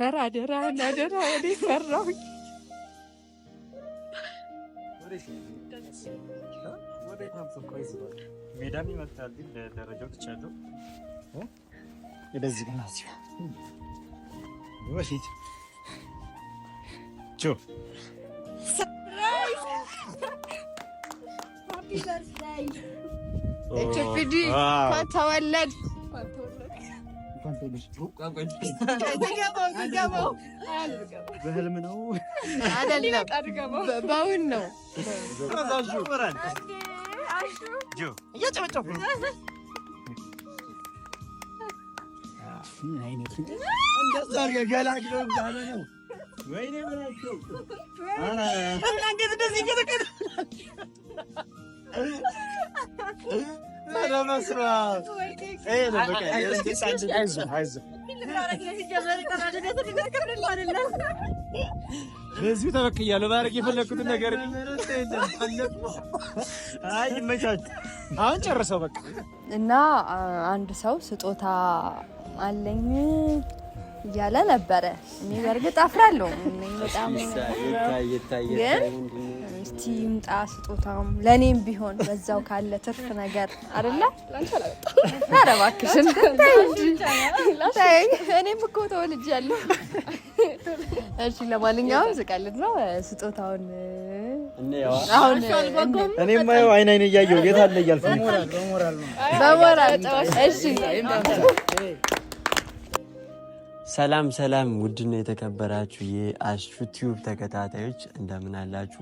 ኧረ አደራ አደራ ወደ ፈራው ሜዳም ይመጣል ግን ደረጃው ትቻለሁ ወደዚህ ገና እዚህ በፊት ተወለድ በህልም ነው አይደለም፣ በእውን ነው። ኧረ በስመ በዚሁ ተበክያለሁ። ማድረግ የፈለግኩትን ነገር አሁን ጨርሰው በቃ እና አንድ ሰው ስጦታ አለኝ እያለ ነበረ። እኔ በእርግጥ አፍራለሁ በጣም እስቲ ይምጣ ስጦታውም ለእኔም ቢሆን በዛው ካለ ትርፍ ነገር አይደለ? ኧረ እባክሽን እኔም እኮ እሺ ለማንኛውም ስቀልድ ነው። ስጦታውን እኔም ማየው አይን አይን እያየው ጌታ አለ እያልኩ በሞራል እሺ ሰላም ሰላም፣ ውድና የተከበራችሁ የአሹ ቲዩብ ተከታታዮች እንደምን አላችሁ?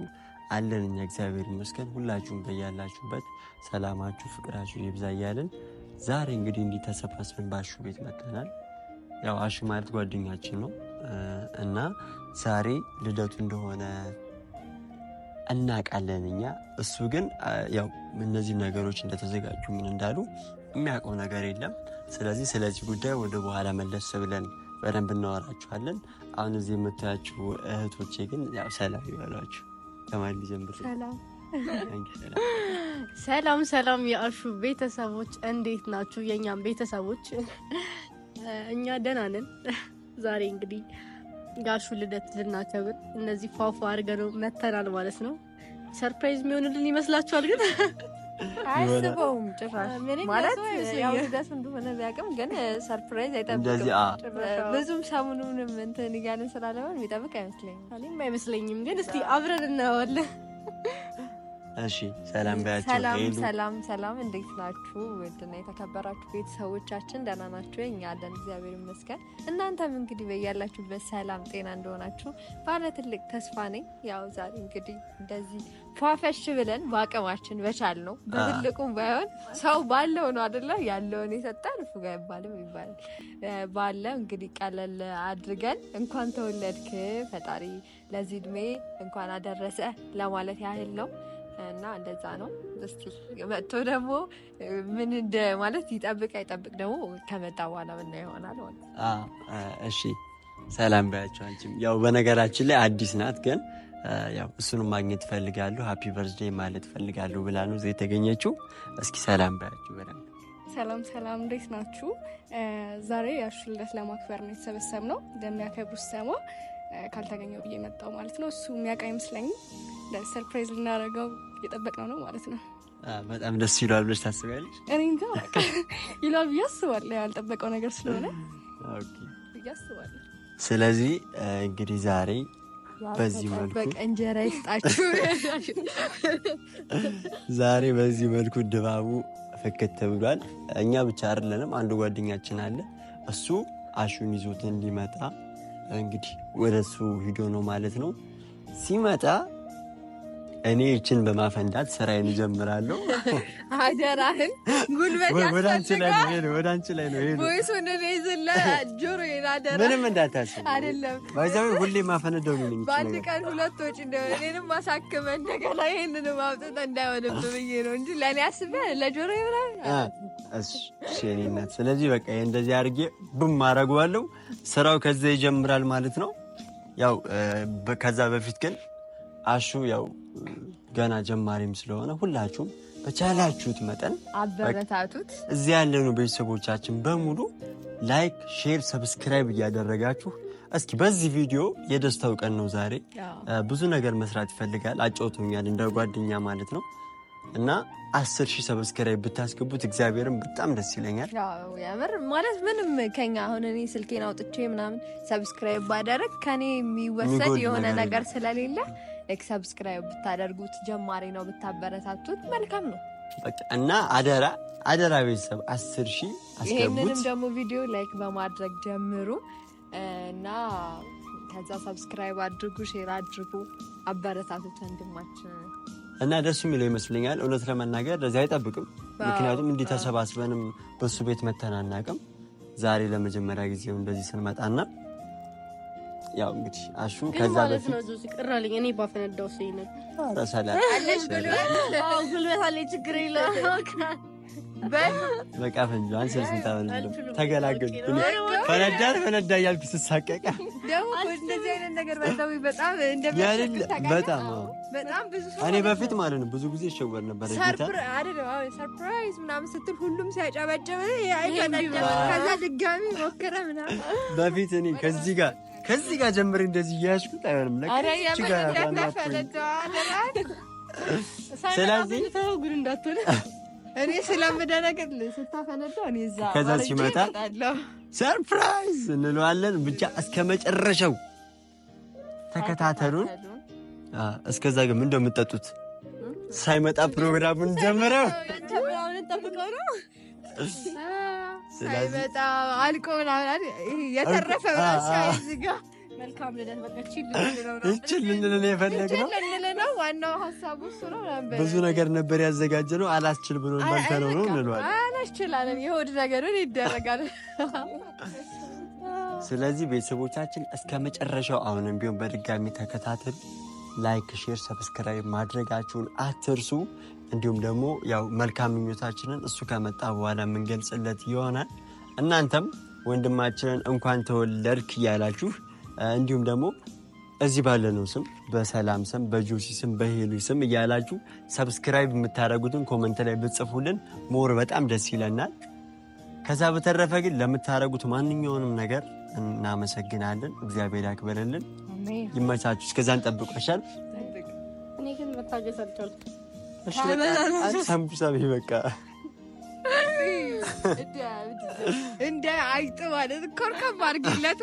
አለን እኛ እግዚአብሔር ይመስገን። ሁላችሁም በያላችሁበት ሰላማችሁ፣ ፍቅራችሁ ይብዛ እያልን ዛሬ እንግዲህ እንዲህ ተሰባስበን ቤት መጥተናል። ያው አሹ ማለት ጓደኛችን ነው እና ዛሬ ልደቱ እንደሆነ እናውቃለን እኛ። እሱ ግን ያው እነዚህ ነገሮች እንደተዘጋጁ ምን እንዳሉ የሚያውቀው ነገር የለም። ስለዚህ ስለዚህ ጉዳይ ወደ በኋላ መለስ ብለን በደንብ እናወራችኋለን። አሁን እዚህ የምታያችሁ እህቶቼ ግን ያው ሰላም ይበሏችሁ። ከማን ጀምር? ሰላም ሰላም የአሹ ቤተሰቦች እንዴት ናችሁ? የእኛም ቤተሰቦች እኛ ደህና ነን። ዛሬ እንግዲህ ጋሹ ልደት ልናከብር እነዚህ ፏፏ አድርገን መተናል ማለት ነው። ሰርፕራይዝ የሚሆንልን ይመስላችኋል ግን አያስበውም ጭራሽ ማለት ያው ልደቱ እንደሆነ ቢያውቅም ግን ሰርፕራይዝ አይጠብቅም። ብዙም ሰሙኑንም እንትን እያለን ስላለሆን የሚጠብቅ አይመስለኝም አይመስለኝም። ግን እስቲ አብረን እናየዋለን። እሺ ሰላም ባያችሁ። ሰላም ሰላም ሰላም፣ እንዴት ናችሁ? ውድና የተከበራችሁ ቤተሰቦቻችን ደህና ናችሁ? እኛ አለን እግዚአብሔር ይመስገን። እናንተም እንግዲህ በያላችሁበት ሰላም ጤና እንደሆናችሁ ባለ ትልቅ ተስፋ ነኝ። ያው ዛሬ እንግዲህ እንደዚህ ፏፈሽ ብለን በአቅማችን በቻል ነው በትልቁም ባይሆን ሰው ባለው ነው አደለ ያለውን ልፉ ፉጋ ይባልም ይባላል ባለ እንግዲህ ቀለል አድርገን እንኳን ተወለድክ ፈጣሪ ለዚህ እድሜ እንኳን አደረሰ ለማለት ያህል ነው። እና እንደዛ ነው። እስኪ መጥቶ ደግሞ ምን እንደ ማለት ይጠብቅ አይጠብቅ ደግሞ ከመጣ በኋላ ምና ይሆናል። እሺ ሰላም ባያቸው። አንቺም ያው በነገራችን ላይ አዲስ ናት፣ ግን ያው እሱንም ማግኘት እፈልጋለሁ ሀፒ በርዝዴ ማለት እፈልጋለሁ ብላ ነው እዚህ የተገኘችው። እስኪ ሰላም ባያችሁ በደንብ ሰላም ሰላም፣ እንዴት ናችሁ? ዛሬ ያሹን ልደት ለማክበር ነው ነው። እንደሚያከብሩ ሰማ ካልተገኘው ብዬ መጣው ማለት ነው። እሱ የሚያውቅ አይመስለኝም። ሰርፕራይዝ ልናደርገው የጠበቅነው ነው ማለት ነው። በጣም ደስ ይለዋል ብለሽ ታስቢያለሽ? እኔ እንጃ ይለዋል ብዬ አስባለሁ። ያልጠበቀው ነገር ስለሆነ ብዬ አስባለሁ። ስለዚህ እንግዲህ ዛሬ በዚህ መልኩ እንጀራ ይስጣችሁ። ዛሬ በዚህ መልኩ ድባቡ ፍክት ብሏል። እኛ ብቻ አይደለንም፣ አንዱ ጓደኛችን አለ። እሱ አሹን ይዞት እንዲመጣ እንግዲህ ወደ እሱ ሂዶ ነው ማለት ነው ሲመጣ እኔ ይችን በማፈንዳት ስራዬን እጀምራለሁ። አደራህን ጉልበት ወደ አንቺ ላይ ነው፣ ወደ አንቺ ላይ ነው። ምንም እንዳታስብ አይደለም። ሁሌ ማፈነደው ምን በአንድ ቀን ሁለት ወጪ እንደሆነ እኔንም ማሳክመ እንደገና ይህንን ማውጠጥ እንዳይሆንብ ብዬ ነው እንጂ ለእኔ አስበ ለጆሮ ይብራልሽኔነት ስለዚህ በቃ እንደዚህ አድርጌ ብም አረጓለሁ። ስራው ከዛ ይጀምራል ማለት ነው። ያው ከዛ በፊት ግን አሹ ያው ገና ጀማሪም ስለሆነ ሁላችሁም በቻላችሁት መጠን አበረታቱት። እዚህ ያለነው ቤተሰቦቻችን በሙሉ ላይክ፣ ሼር፣ ሰብስክራይብ እያደረጋችሁ እስኪ በዚህ ቪዲዮ የደስታው ቀን ነው ዛሬ። ብዙ ነገር መስራት ይፈልጋል አጫውቶኛል፣ እንደ ጓደኛ ማለት ነው እና አስር ሺህ ሰብስክራይብ ብታስገቡት እግዚአብሔርን በጣም ደስ ይለኛል። የምር ማለት ምንም ከኛ አሁን እኔ ስልኬን አውጥቼ ምናምን ሰብስክራይብ ባደረግ ከኔ የሚወሰድ የሆነ ነገር ስለሌለ ላይክ ሰብስክራይብ ብታደርጉት ጀማሪ ነው ብታበረታቱት መልካም ነው እና አደራ አደራ ቤተሰብ አስር ሺ ይህንንም ደግሞ ቪዲዮ ላይክ በማድረግ ጀምሩ እና ከዛ ሰብስክራይብ አድርጉ፣ ሼር አድርጉ፣ አበረታቱት ወንድማችን እና ደስ የሚለው ይመስለኛል። እውነት ለመናገር ለዚህ አይጠብቅም። ምክንያቱም እንዲህ ተሰባስበንም በሱ ቤት መተናናቅም ዛሬ ለመጀመሪያ ጊዜ እንደዚህ ስንመጣና ያው እንግዲህ አሹ ከዛ በፊት እኔ ባፈነዳው ሰው ይላል። ተገላገል ፈነዳን ፈነዳ እያልኩ ስሳቀቀ እንደዚህ በጣም እኔ በፊት ማለት ነው ብዙ ጊዜ ይሸወር ነበር። ሰርፕራይዝ ምናምን ስትል ሁሉም ሲያጨበጭብ ከዛ ድጋሚ ሞከረ ምናምን በፊት እኔ ከዚህ ጋር ከዚህ ጋር ጀምር እንደዚህ እያያችሁት አይሆንም። ስለዚህ ጉድ እንዳትሆነ እኔ ስለምደነግጥ ስታፈነዳ እኔ እዛ ከዛ ሲመጣ ሰርፕራይዝ እንለዋለን። ብቻ እስከ መጨረሻው ተከታተሉን። እስከዛ ግን ምን የምጠጡት? ሳይመጣ ፕሮግራሙን ጀምረው አልቆ የተረፈ ብዙ ነገር ነበር አላስችል ብሎ ነው እንለዋለን። አላስችላለን የሆድ ነገርን ይደረጋል። ስለዚህ ቤተሰቦቻችን እስከ መጨረሻው አሁንም ቢሆን በድጋሚ ተከታተል፣ ላይክ፣ ሼር፣ ሰብስክራይብ ማድረጋችሁን አትርሱ። እንዲሁም ደግሞ ያው መልካም ምኞታችንን እሱ ከመጣ በኋላ የምንገልጽለት ይሆናል። እናንተም ወንድማችንን እንኳን ተወለድክ እያላችሁ እንዲሁም ደግሞ እዚህ ባለነው ስም በሰላም ስም በጆሲ ስም በሄሉ ስም እያላችሁ ሰብስክራይብ የምታደርጉትን ኮመንት ላይ ብጽፉልን ሞር በጣም ደስ ይለናል። ከዛ በተረፈ ግን ለምታደርጉት ማንኛውንም ነገር እናመሰግናለን። እግዚአብሔር ያክበረልን። ይመቻችሁ። እስከዛን ጠብቆሻል። እኔ ግን መታገስ አልቻልኩም። ሳምቡሳ በቃ እንደ አይጥ ማለት ኮርከም አድርጊለት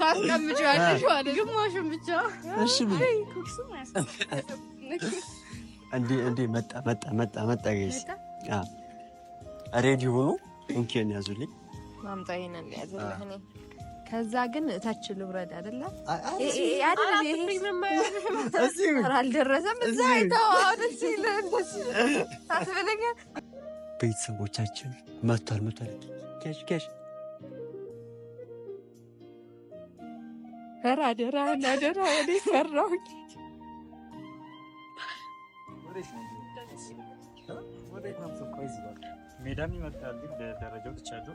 ታስቀምጪዋለሽ ማለት ግማሹን ብቻ እሺ። እንዴ እንዴ መጣ መጣ መጣ መጣ። ጋይስ ሬዲ ሆኖ እንኪን ያዙልኝ። ማምጣ ይሄንን ያዙልኝ። ከዛ ግን እታች ልውረድ አይደለ? አልደረሰም። እዛ ቤተሰቦቻችን መቷል መቷል። ኧረ አደራ አደራ ወደ ሰራሁኝ ሜዳም ይመጣል ደረጃው ትቻለሁ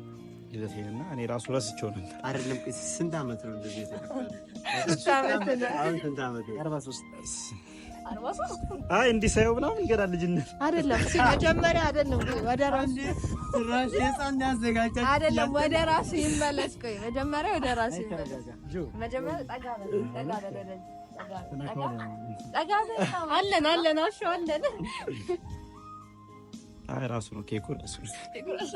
ልደቴንና እኔ ራሱ ረስቼው ነበር። አይደለም ስንት ዓመት ነው አይ እንዲህ ሳይሆን ምናምን ገና ልጅነት አይደለም። መጀመሪያ አይደለም ወደ ራሱ አይደለም ወደ ራሱ ይመለስ። ቆይ መጀመሪያ ወደ ራሱ ይመለስ። አለን አለን አለን። አይ ራሱ ነው ኬኩ ራሱ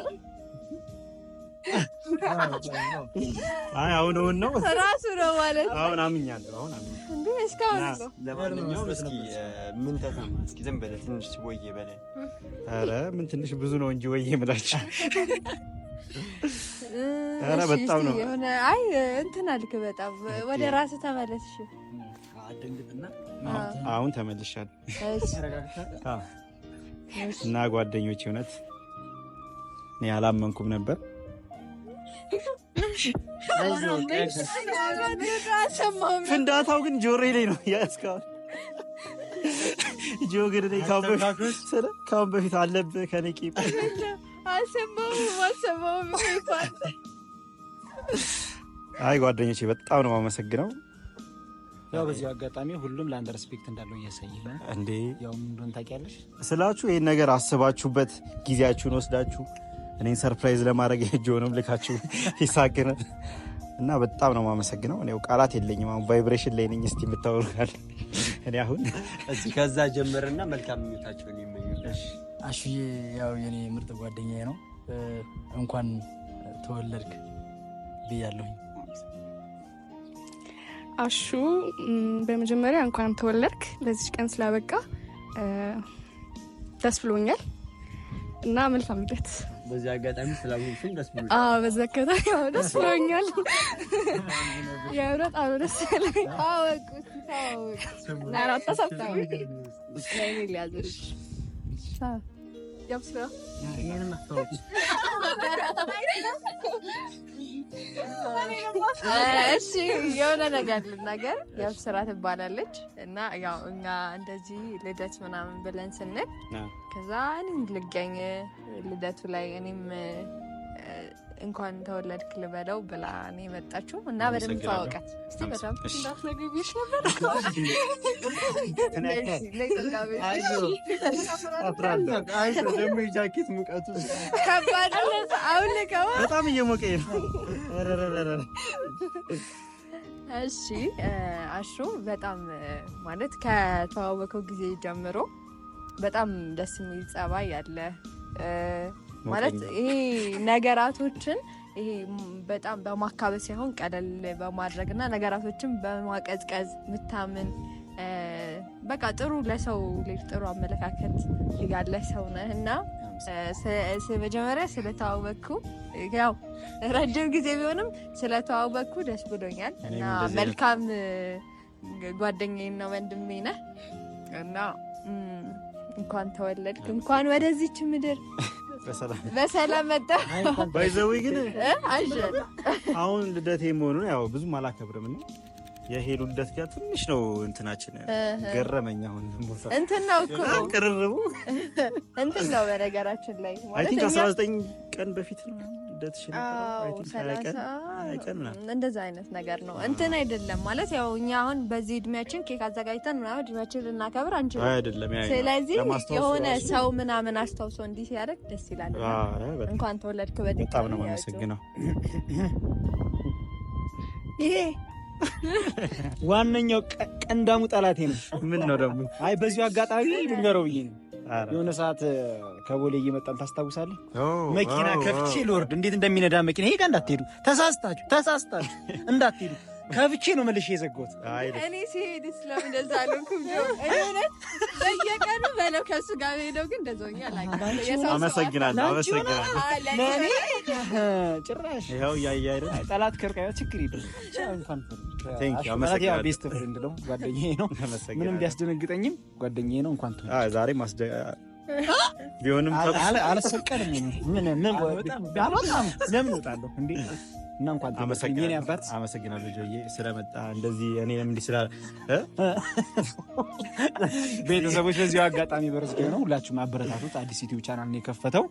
አይ አሁን አሁን ነው ራሱ ነው ማለት ነው። አሁን አምኛለሁ። አሁን አምኛለሁ እንዴ እስካሁን ነው። ለማንኛውም እስኪ ምን ተሰማ? እስኪ ዝም በለ ትንሽ ወዬ በለ። አረ ምን ትንሽ ብዙ ነው እንጂ ወይ የምላችሁ። አረ በጣም ነው የሆነ አይ እንትን አልክ። በጣም ወደ ራስ ተመለስሽ። አሁን ተመልሻለሁ እና ጓደኞች እውነት እኔ አላመንኩም ነበር ፍንዳታው ግን ጆሬ ላይ ነው ያስካሁን ጆግር ላይ ካሁን በፊት አለብህ ከነቂ አይ ጓደኞቼ በጣም ነው የማመሰግነው። ያው በዚህ አጋጣሚ ሁሉም ለአንድ ሪስፔክት እንዳለው እያሳየ እንዴ ያው ምን እንደሆነ ታውቂያለሽ ስላችሁ ይህን ነገር አስባችሁበት ጊዜያችሁን ወስዳችሁ እኔን ሰርፕራይዝ ለማድረግ የጆንም ልካችሁ ይሳቅን እና በጣም ነው የማመሰግነው። እኔው ቃላት የለኝም። አሁን ቫይብሬሽን ላይ ነኝ። እስቲ የምታወሩ ካለ እኔ አሁን እዚህ ከዛ ጀምርና መልካም ምኞታቸውን ይመኙልሽ። አሹዬ ያው የኔ ምርጥ ጓደኛ ነው። እንኳን ተወለድክ ብያለሁኝ። አሹ በመጀመሪያ እንኳን ተወለድክ። ለዚች ቀን ስላበቃ ደስ ብሎኛል እና መልካም ልደት በዚህ አጋጣሚ ስላወቅሽም ደስ ብሎኛል። አዎ በዚህ አጋጣሚ አዎ ደስ ብሎኛል። የእውነት አዎ ደስ ብሎኛል። እሺ የሆነ ነገር ልናገር። ያው ስራ ትባላለች እና ያው እኛ እንደዚህ ልደት ምናምን ብለን ስንል ከዛ እኔም ልገኝ ልደቱ ላይ እኔም እንኳን ተወለድክ ልበለው ብላ ነው የመጣችው እና በደንብ ተዋወቀት በጣም ደግሞ የጃኬት ሙቀቱ ከባድ አሁን በጣም እየሞቀ እሺ አሹ በጣም ማለት ከተዋወቀው ጊዜ ጀምሮ በጣም ደስ የሚል ጸባይ ያለ ማለት ይሄ ነገራቶችን ይሄ በጣም በማካበስ ሳይሆን ቀለል በማድረግ እና ነገራቶችን በማቀዝቀዝ ምታምን በቃ ጥሩ ለሰው ልጅ ጥሩ አመለካከት ያለ ሰው ነህ እና መጀመሪያ ስለተዋወቅኩ ያው ረጅም ጊዜ ቢሆንም ስለተዋወቅኩ ደስ ብሎኛል እና መልካም ነው ወንድሜ ነህ እና እንኳን ተወለድክ እንኳን ወደዚች ምድር በሰላም መጣ። ባይዘዌ ግን አሁን ልደቴ መሆኑን ያው ብዙም አላከብርም እና የሄዱ ልደት ጋር ትንሽ ነው እንትናችን ገረመኝ። አሁን እንትን ነው እኮ ቅርርቡ እንትን ነው በነገራችን ላይ ማለት አስራ ዘጠኝ ቀን በፊት ነው ልደትሽ እንደዛ አይነት ነገር ነው። እንትን አይደለም ማለት ያው እኛ አሁን በዚህ እድሜያችን ኬክ አዘጋጅተን ምናምን እድሜያችን ልናከብር አንችልም። ስለዚህ የሆነ ሰው ምናምን አስታውሶ እንዲህ ሲያደርግ ደስ ይላል። እንኳን ተወለድክ በድንቅ በጣም ነው የማመሰግነው። ይሄ ዋነኛው ቀንዳሙ ጠላቴ ነው። ምን ነው ደግሞ አይ በዚሁ አጋጣሚ ልንገረው ብዬ ነው የሆነ ሰዓት ከቦሌ እየመጣን ታስታውሳለህ? መኪና ከፍቼ ልወርድ እንዴት እንደሚነዳ መኪና። ይሄ ጋር እንዳትሄዱ፣ ተሳስታችሁ ተሳስታችሁ እንዳትሄዱ ከብቼ ነው መልሼ የዘጋሁት። እኔ ሲሄድ ስለምን እንደዛ አልሆንኩም። በየቀኑ በለው ከእሱ ጋር ሄደው ግን እንደዛ አመሰግናለሁ፣ አመሰግናለሁ። ጭራሽ ይኸው እያየህ ጠላት ከርቃዩ ችግር የለም። አመሰግናለሁ። ቤስት ፍሬንድ ነው፣ ጓደኛዬ ነው። ምንም ቢያስደነግጠኝም ጓደኛዬ ነው። እንኳን ዛሬ ማስደ ቢሆንም አልሰቀልም። ምን ምን ለምን እወጣለሁ እንዴ? እና እንኳን ተመሰግኝ አመሰግናለሁ ጆዬ ስለመጣ እንደዚህ እኔንም እንዲህ ስላ ቤተሰቦች በዚሁ አጋጣሚ በርዝ ነው ሁላችሁም አበረታቱት። አዲስ ዩቲዩብ ቻናል ነው የከፈተው።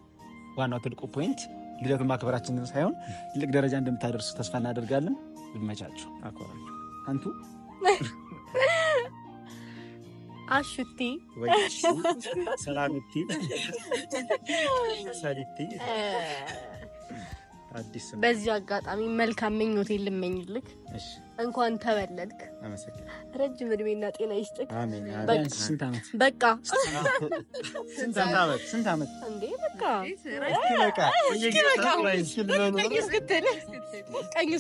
ዋናው ትልቁ ፖይንት ልደቱን ማክበራችንን ሳይሆን ትልቅ ደረጃ እንደምታደርሱ ተስፋ እናደርጋለን። ልመቻችሁ፣ አኮራችሁ አንቱ አሹቲ ሰላምቲ ሰሊቲ በዚህ አጋጣሚ መልካም ምኞቴን ልመኝልክ። እንኳን ተወለድክ። ረጅም እድሜና ጤና ይስጥክ። በቃ ስንት አመት እንዴ? በቃ ቀኝ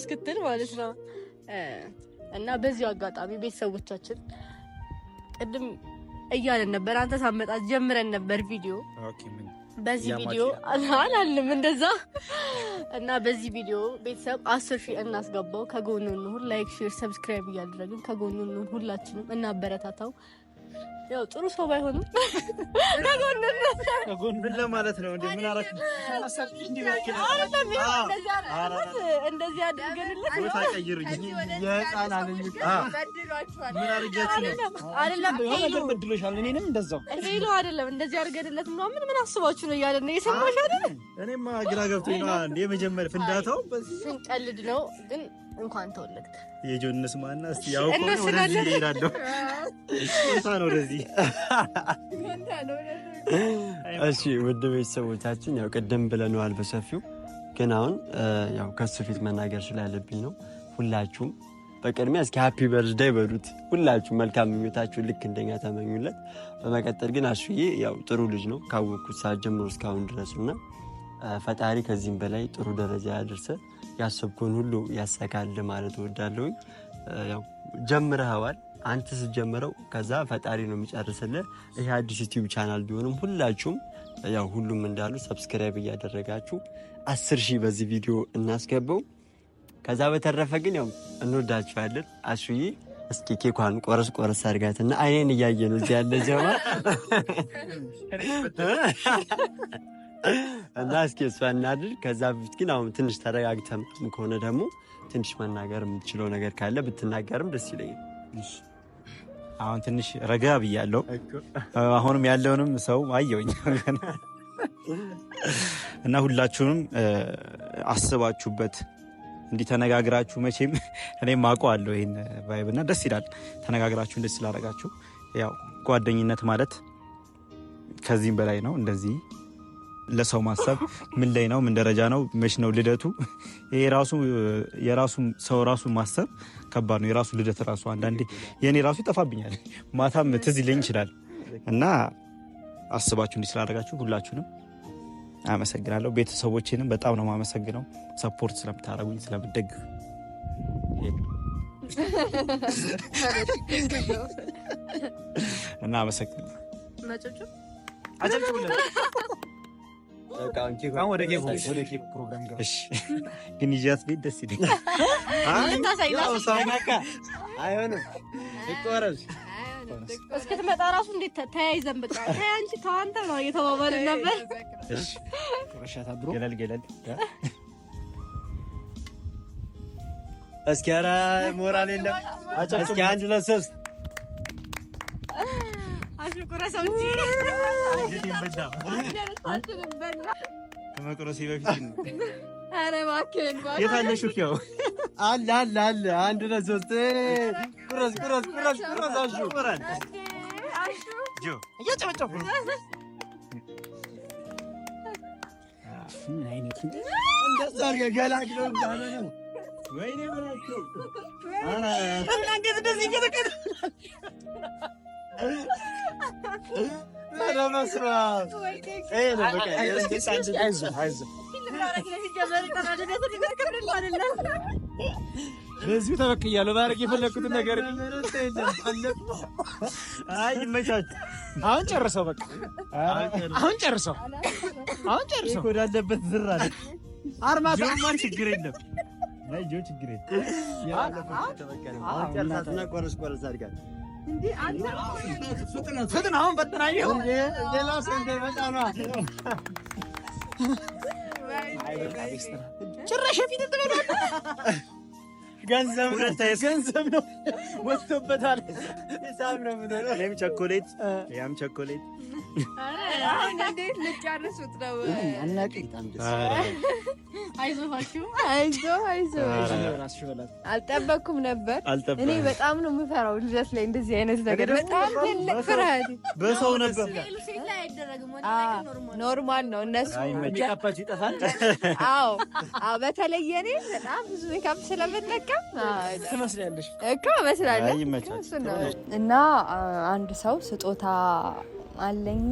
እስክትል ማለት ነው። እና በዚህ አጋጣሚ ቤተሰቦቻችን ቅድም እያለን ነበር፣ አንተ ሳመጣት ጀምረን ነበር ቪዲዮ በዚህ ቪዲዮ አላልም እንደዛ እና በዚህ ቪዲዮ ቤተሰብ አስር ሺህ እናስገባው። ከጎኑ እንሁን። ላይክ፣ ሼር፣ ሰብስክራይብ እያደረግን ከጎኑ እንሁን። ሁላችንም እናበረታታው። ያው ጥሩ ሰው ባይሆንም ምን ለማለት ነው? ምን አረክ እንደዚህ አድርገንልህ አይደለም ነው አይደለም እንደዚህ አድርገንለት ነው። ምን ምን አስባችሁ ነው እያለ ነው የሰማሽ አይደል? እኔማ ግራ ገብቶኝ ነው። ፍንዳታው ነው ግን እንኳን ተወለድክ። የጆንስ ማና እስቲ ያው እኮ ወደዚህ እሄዳለሁ። እንኳን ወደዚህ እሺ፣ ውድ ቤተሰቦቻችን ያው ቅድም ብለነዋል በሰፊው ግን አሁን ያው ከሱ ፊት መናገር ስላለብኝ ነው። ሁላችሁም በቅድሚያ እስኪ ሃፒ በርዝዳይ በሉት። ሁላችሁም መልካም ምኞታችሁ ልክ እንደኛ ተመኙለት። በመቀጠል ግን አሹዬ ያው ጥሩ ልጅ ነው ካወቅኩት ሰዓት ጀምሮ እስካሁን ድረስ እና ፈጣሪ ከዚህም በላይ ጥሩ ደረጃ ያደርሰ ያሰብኩን ሁሉ ያሰካል ማለት እወዳለሁ። ያው ጀምረኸዋል አንተ ስትጀምረው ከዛ ፈጣሪ ነው የሚጨርስልህ። ይህ አዲስ ዩቲዩብ ቻናል ቢሆንም ሁላችሁም ያው ሁሉም እንዳሉ ሰብስክራይብ እያደረጋችሁ አስር ሺህ በዚህ ቪዲዮ እናስገባው። ከዛ በተረፈ ግን ያው እንወዳችኋለን። አሹዬ እስኪ ኬኳን ቆረስ ቆረስ እና አይኔን እያየ ነው እዚህ ያለ ጀማ እና እስኪ እሷ እናድር። ከዛ በፊት ግን አሁን ትንሽ ተረጋግተም ከሆነ ደግሞ ትንሽ መናገር የምትችለው ነገር ካለ ብትናገርም ደስ ይለኛል። አሁን ትንሽ ረጋ ብያለሁ። አሁንም ያለውንም ሰው አየውኝ እና ሁላችሁንም አስባችሁበት እንዲህ ተነጋግራችሁ መቼም እኔም አለው ይህን ቫይብ እና ደስ ይላል። ተነጋግራችሁ እንደ ስላደረጋችሁ ያው ጓደኝነት ማለት ከዚህም በላይ ነው እንደዚህ ለሰው ማሰብ ምን ላይ ነው፣ ምን ደረጃ ነው፣ መች ነው ልደቱ? ይሄ የራሱ ሰው ራሱ ማሰብ ከባድ ነው። የራሱ ልደት ራሱ አንዳንዴ የእኔ ራሱ ይጠፋብኛል፣ ማታም ትዝ ይለኝ ይችላል። እና አስባችሁ እንዲህ ስላደረጋችሁ ሁላችሁንም አመሰግናለሁ። ቤተሰቦችንም በጣም ነው የማመሰግነው፣ ሰፖርት ስለምታደርጉኝ ስለምደግፍ እና አመሰግናለሁ። ግን ይዣት ቤት ደስ ይለኛል። እስክትመጣ እራሱ እንዴት ተያይዘን በቃ አንቺ ተው ነው እየተባባልን ነበር። ገለል ገለል እስኪ ኧረ ሞራል የለም እስኪ አንድ ሁለት አሽቁረሰው እንጂ ከመቁረሴ በፊት ኧረ እባክህን የት አለ ሹክያው? አለ አለ አለ አንድ ሁለት ሦስት ቁረስ ቁረስ ቁረስ ነው። ወይኔ በዚሁ ተበቅያለሁ። ማድረግ የፈለግኩትን ነገር አይ ይመቻችሁ። አሁን ጨርሰው፣ በቃ አሁን ጨርሰው፣ አሁን ጨርሰው። ወዳለበት ዝር አለ አርማታ ችግር የለም ችግር የለም። ፍጥናውን በጥናየው ሌላ ሰንዴ በጣም ፊት ትበላለህ። ገንዘብ ገንዘብ ነው ወጥቶበታል። ሳም ያም ቸኮሌት አሁን አልጠበኩም ነበር። እኔ በጣም ነው የምፈራው ልደት ላይ እንደዚህ አይነት ነገር፣ በጣም ትልቅ ፍርሃት በሰው ነበር። ኖርማል ነው እነሱ አዎ። በተለየ እኔ በጣም ብዙ ሜካፕ ስለምጠቀም ትመስላለሽ እኮ እና አንድ ሰው ስጦታ አለኝ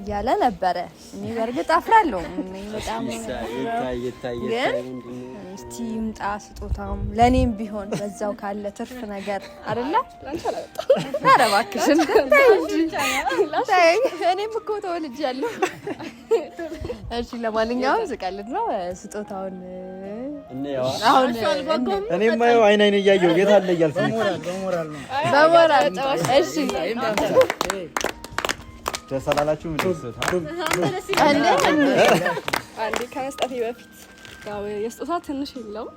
እያለ ነበረ። እኔ በእርግጥ አፍራለሁ በጣም ግን እስቲ ይምጣ ስጦታም ለእኔም ቢሆን በዛው ካለ ትርፍ ነገር አይደለ? ኧረ እባክሽን እኔም እኮ እሺ ለማንኛውም ስቀልድ ነው ስጦታውን አይን አይን የት አለ እያልኩ በሞራል ነው። እሺ ደስ አላላችሁ? አንዴ በፊት ያው የስጦታ ትንሽ የለውም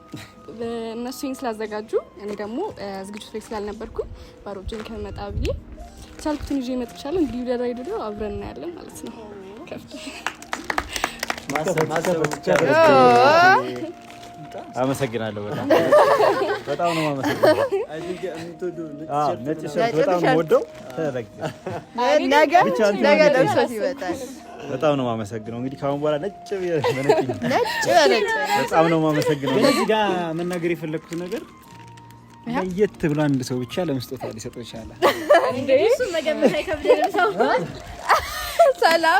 እነሱ ስላዘጋጁ እኔ ደግሞ ዝግጅት ላይ ስላልነበርኩኝ ባሮጅን ከመጣ ብዬ ቻልኩትን ይዤ እመጥቻለሁ። እንግዲህ ደራ ሄዶ አብረን እናያለን ማለት ነው። አመሰግናለሁ። በጣም በጣም ነው የማመሰግነው። ነጭ ሸርት በጣም ወደው በጣም ነው የማመሰግነው። እንግዲህ ከአሁን በኋላ ነጭ በጣም ነው የማመሰግነው። እዚህ ጋ መናገር የፈለግኩት ነገር ለየት ብሎ አንድ ሰው ብቻ ለመስጦታ ሊሰጥ ሰላም ሰላም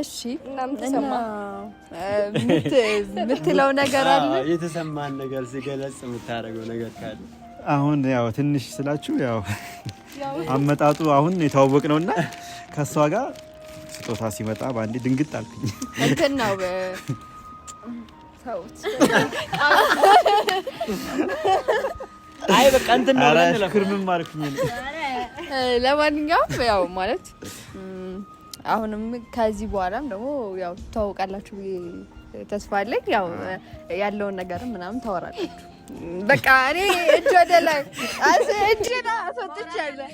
እሺ ምትለው ነገር አለ? የተሰማን ነገር ሲገለጽ የምታደርገው ነገር ካለ አሁን ያው ትንሽ ስላችሁ ያው አመጣጡ አሁን የተዋወቅ እና ከእሷ ጋር ስጦታ ሲመጣ በአንዴ ድንግጥ አልኩኝ። እንትን ነው አይ በቃ እንትን ነው። ለማንኛውም ያው ማለት አሁንም ከዚህ በኋላም ደግሞ ያው ትተዋወቃላችሁ ተስፋ አለኝ። ያው ያለውን ነገር ምናምን ታወራላችሁ። በቃ እኔ እጅ ወደ ላይ እጅ አስወጥቻለሁ።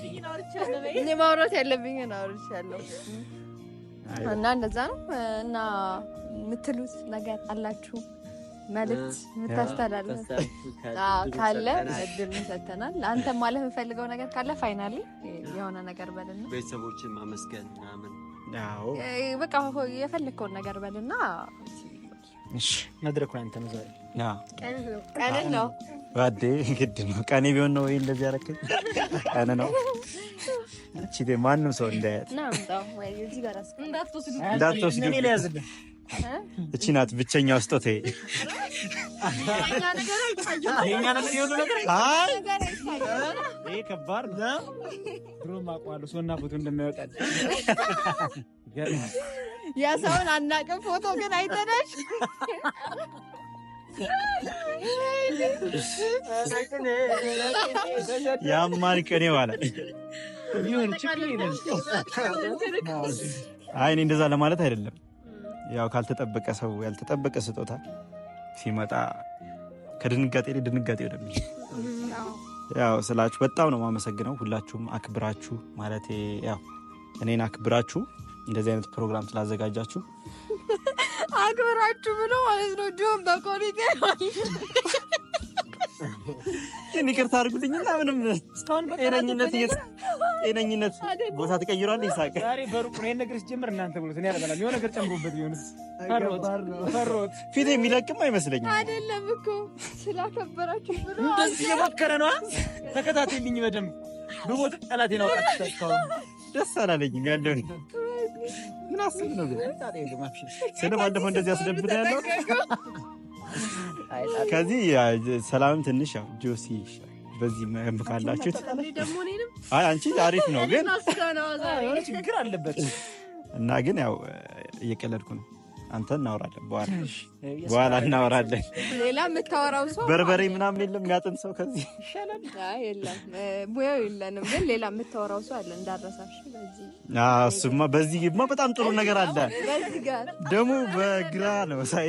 እኔ ማውራት ያለብኝ አውርቻለሁ እና እንደዛ ነው። እና የምትሉት ነገር አላችሁ መልዕክት የምታስተላልፍ ካለ እድል እንሰተናል። አንተ ማለት የምፈልገው ነገር ካለ ፋይናሊ የሆነ ነገር በልና ቤተሰቦችን ማመስገን ምናምን በቃ የፈለግከውን ነገር በልና መድረኩ አንተ ነው። ዛሬ ቀን ነው ባዴ ግድ ነው። ቀኔ ቢሆን ነው ወይ እንደዚህ ያረክ ቀን ነው። ማንም ሰው እንዳያት እንዳትወስዱ እቺ ናት ብቸኛው ስጦቴ። ከባድ ነው። ድሮም አውቀዋለሁ ፎቶ እንደሚያወጣል የሰውን አናቅም። ፎቶ ግን አይተነሽ ያማን ቅኔ ዋለ ይሁን። አይ እኔ እንደዛ ለማለት አይደለም ያው ካልተጠበቀ ሰው ያልተጠበቀ ስጦታ ሲመጣ ከድንጋጤ ድንጋጤ ወደሚል ያው ስላችሁ በጣም ነው የማመሰግነው። ሁላችሁም አክብራችሁ ማለት ያው እኔን አክብራችሁ እንደዚህ አይነት ፕሮግራም ስላዘጋጃችሁ አክብራችሁ ብሎ ማለት ነው ጆን በኮሪቴ ግን ይቅርታ አድርጉልኝና ምንም እስካሁን ጤነኝነት ጤነኝነት ቦታ ትቀይሯል። ይሳቅ በሩቁ ነው ይሄን ነገር ሲጀምር እናንተ ብሎት እኔ አልበላም። የሆነ ነገር ጨምሮበት ቢሆንስ ፈሮት ፊት የሚለቅም አይመስለኝም። አይደለም እኮ ስላከበራችሁ ብሎ እንደዚህ የሞከረ ነዋ። ተከታተልኝ በደንብ በሞት ጠላቴ ነው። ደስ አላለኝም ያለው ምን አስብ ነው ስለ ባለፈው እንደዚህ አስደብረ ያለው ከዚህ ሰላም ትንሽ ያው ጆሲ በዚህ ካላችሁት አይ አንቺ አሪፍ ነው፣ ግን ችግር አለበት እና ግን ያው እየቀለድኩ ነው። አንተ እናወራለን፣ በኋላ በኋላ እናወራለን። ሌላ የምታወራው ሰው በርበሬ ምናምን የለም፣ የሚያጥን ሰው ከዚህ ሙያው የለንም፣ ግን ሌላ የምታወራው ሰው አለ እንዳረሳሽ። እሱማ በዚህ በጣም ጥሩ ነገር አለ ደግሞ በግራ ነው ሳይ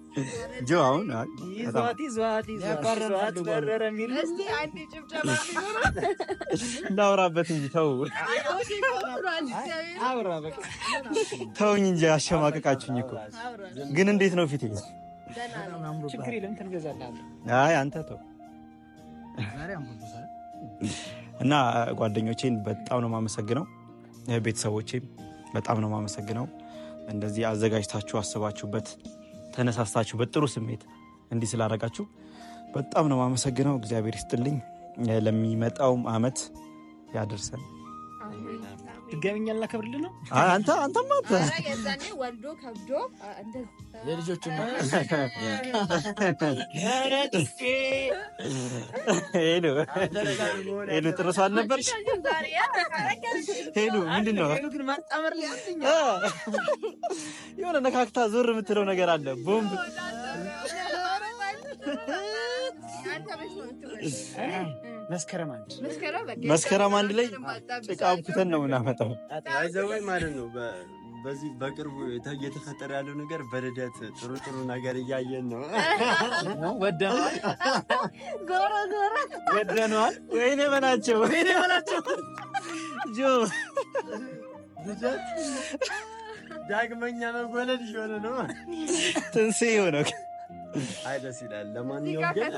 ጆ አሁን ይዟት ይዟት ይዟት በረረ የሚል እናውራበት እንጂ ተው፣ ተውኝ እንጂ አሸማቀቃችሁኝ እኮ። ግን እንዴት ነው ፊት? ችግር የለም ትንገዛለህ። አይ አንተ ተው እና ጓደኞቼን በጣም ነው የማመሰግነው። ቤተሰቦቼም በጣም ነው የማመሰግነው። እንደዚህ አዘጋጅታችሁ አስባችሁበት ተነሳስታችሁ በጥሩ ስሜት እንዲህ ስላደረጋችሁ በጣም ነው የማመሰግነው። እግዚአብሔር ይስጥልኝ። ለሚመጣውም አመት ያደርሰን። ድጋሚኛ ላከብርልህ ነው። አንተ አንተማ የዛኔ ወልዶ ከብዶ የልጆቹ ሄሉ ጥርሷ አልነበርሽ? ሄሉ ምንድን ነው የሆነ ነካክታ ዞር የምትለው ነገር አለ ቦምብ መስከረም አንድ መስከረም አንድ ላይ ጭቃ አብኩተን ነው ምናመጣው አይዘወይ ማለት ነው። በዚህ በቅርቡ እየተፈጠረ ያለው ነገር በልደት ጥሩ ጥሩ ነገር እያየን ነው። ወደነዋል፣ ጎረ ጎረ ወደነዋል። ወይኔ በላቸው፣ ወይኔ በላቸው። ጆ ልደት ዳግመኛ መወለድ እየሆነ ነው፣ ትንሣኤ የሆነው አይ ደስ ይላል። ለማንኛውም ግን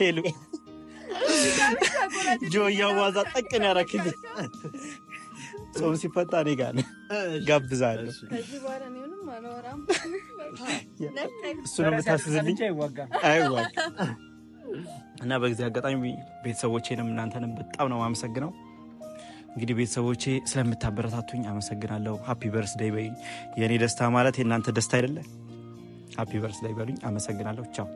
ሄሉ ጆያው ዋዛ ጠቅን ያረክል ጾም ሲፈታ እኔ ጋር ጋብዛለሁ። እሱ ነው የምታስዝልኝ። አይዋጋ እና በጊዜ አጋጣሚ ቤተሰቦቼንም እናንተንም በጣም ነው የማመሰግነው። እንግዲህ ቤተሰቦቼ ስለምታበረታቱኝ አመሰግናለሁ። ሀፒ በርስደይ በይ። የእኔ ደስታ ማለት የእናንተ ደስታ አይደለ? ሀፒ በርስደይ በሉኝ። አመሰግናለሁ። ቻው